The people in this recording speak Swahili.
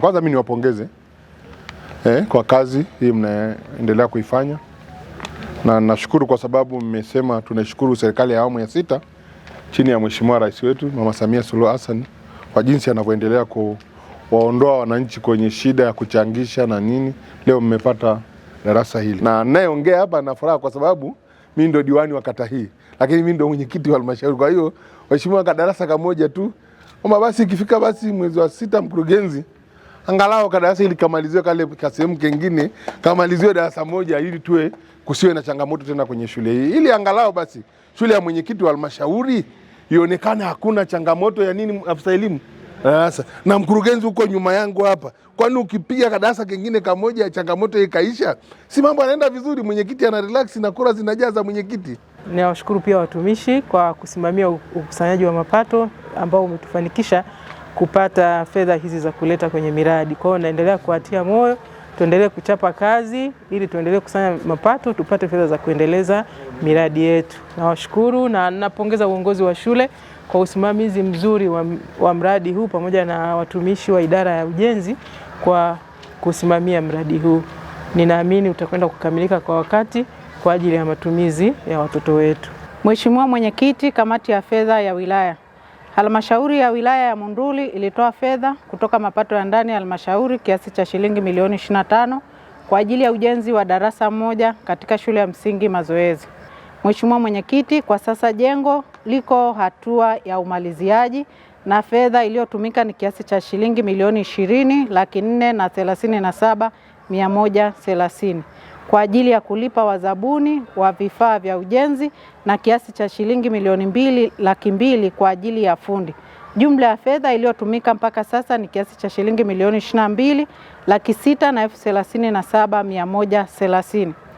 Kwanza mimi niwapongeze eh, kwa kazi hii mnaendelea kuifanya, na nashukuru kwa sababu mmesema. Tunashukuru serikali ya awamu ya sita chini ya Mheshimiwa Rais wetu Mama Samia Suluhu Hassan kwa jinsi anavyoendelea kuwaondoa wananchi kwenye shida ya kuchangisha na nini. Leo mmepata darasa hili, na nayeongea hapa na furaha kwa sababu mimi ndio diwani wa kata hii, lakini mimi ndio mwenyekiti wa halmashauri. Kwa hiyo mheshimiwa, kadarasa kamoja tu ama basi, ikifika basi mwezi wa sita mkurugenzi angalau kadarasa ili kamaliziwe kale kasehemu kengine kamaliziwe darasa moja, ili tuwe kusiwe na changamoto tena kwenye shule hii, ili angalau basi shule ya mwenyekiti wa halmashauri ionekane hakuna changamoto ya nini, afisa elimu sasa na mkurugenzi huko nyuma yangu hapa, kwani ukipiga kadarasa kengine kamoja changamoto ikaisha, si mambo yanaenda vizuri, mwenyekiti ana relax na kura zinajaza mwenyekiti. Nawashukuru pia watumishi kwa kusimamia ukusanyaji wa mapato ambao umetufanikisha kupata fedha hizi za kuleta kwenye miradi. Kwa hiyo naendelea kuwatia moyo, tuendelee kuchapa kazi ili tuendelee kusanya mapato, tupate fedha za kuendeleza miradi yetu. Nawashukuru na napongeza uongozi wa shule kwa usimamizi mzuri wa, wa mradi huu pamoja na watumishi wa idara ya ujenzi kwa kusimamia mradi huu. Ninaamini utakwenda kukamilika kwa wakati kwa ajili ya matumizi ya watoto wetu. Mheshimiwa Mwenyekiti, kamati ya fedha ya wilaya Halmashauri ya wilaya ya Monduli ilitoa fedha kutoka mapato ya ndani ya halmashauri kiasi cha shilingi milioni 25 kwa ajili ya ujenzi wa darasa moja katika shule ya msingi Mazoezi. Mheshimiwa Mwenyekiti, kwa sasa jengo liko hatua ya umaliziaji na fedha iliyotumika ni kiasi cha shilingi milioni ishirini laki nne na thelathini na saba mia moja thelathini kwa ajili ya kulipa wazabuni wa vifaa vya ujenzi na kiasi cha shilingi milioni mbili laki mbili kwa ajili ya fundi. Jumla ya fedha iliyotumika mpaka sasa ni kiasi cha shilingi milioni ishirini na mbili laki sita na elfu thelathini na saba mia moja thelathini.